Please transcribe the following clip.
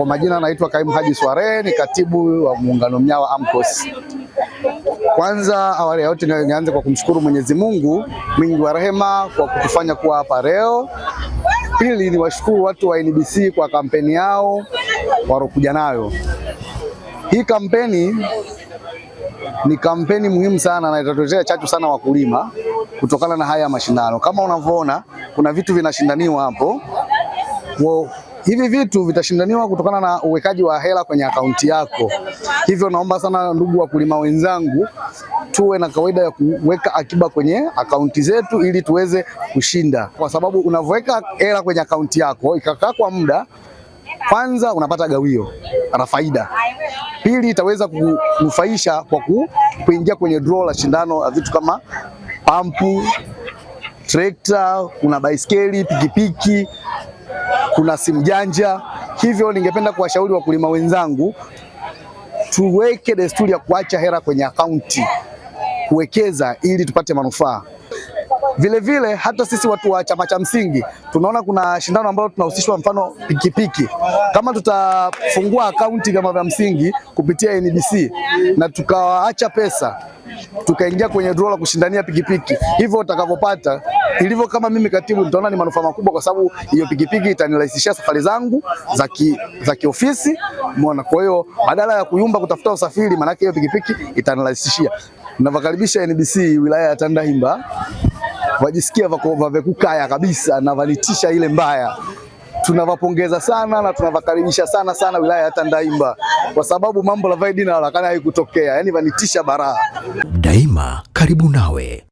Kwa majina naitwa Kaimu Haji Sware, ni katibu wa muungano mnyawa AMCOS. Kwanza awali ya yote nianze kwa kumshukuru Mwenyezi Mungu mwingi wa rehema kwa kutufanya kuwa hapa leo. Pili ni washukuru watu wa NBC kwa kampeni yao warokuja nayo. Hii kampeni ni kampeni muhimu sana na itatuletea chachu sana wakulima kutokana na haya mashindano. Kama unavyoona kuna vitu vinashindaniwa hapo hivi vitu vitashindaniwa kutokana na uwekaji wa hela kwenye akaunti yako. Hivyo naomba sana ndugu wakulima wenzangu, tuwe na kawaida ya kuweka akiba kwenye akaunti zetu ili tuweze kushinda, kwa sababu unavyoweka hela kwenye akaunti yako ikakaa kwa muda kwanza unapata gawio na faida, pili itaweza kunufaisha kwa kuingia kwenye draw la shindano la vitu kama pampu, trekta, kuna baiskeli, pikipiki kuna simu janja. Hivyo ningependa kuwashauri wakulima wenzangu, tuweke desturi ya kuacha hela kwenye akaunti kuwekeza, ili tupate manufaa. Vilevile hata sisi watu wa chama cha msingi tunaona kuna shindano ambalo tunahusishwa, mfano pikipiki. Kama tutafungua akaunti vyama vya msingi kupitia NBC na tukawaacha pesa tukaingia kwenye draw la kushindania pikipiki. Hivyo utakavyopata ilivyo, kama mimi katibu, nitaona ni manufaa makubwa, kwa sababu hiyo pikipiki itanirahisishia safari zangu za ki, za kiofisi mwana. Kwa hiyo badala ya kuyumba kutafuta usafiri, maana hiyo pikipiki itanirahisishia. Navakaribisha NBC wilaya ya Tandahimba, wajisikia vavekukaya kabisa na vanitisha ile mbaya tunawapongeza sana na tunawakaribisha sana sana wilaya ya Tandaimba kwa sababu mambo la vaidina lakana haikutokea, yani vanitisha baraa. Daima karibu nawe.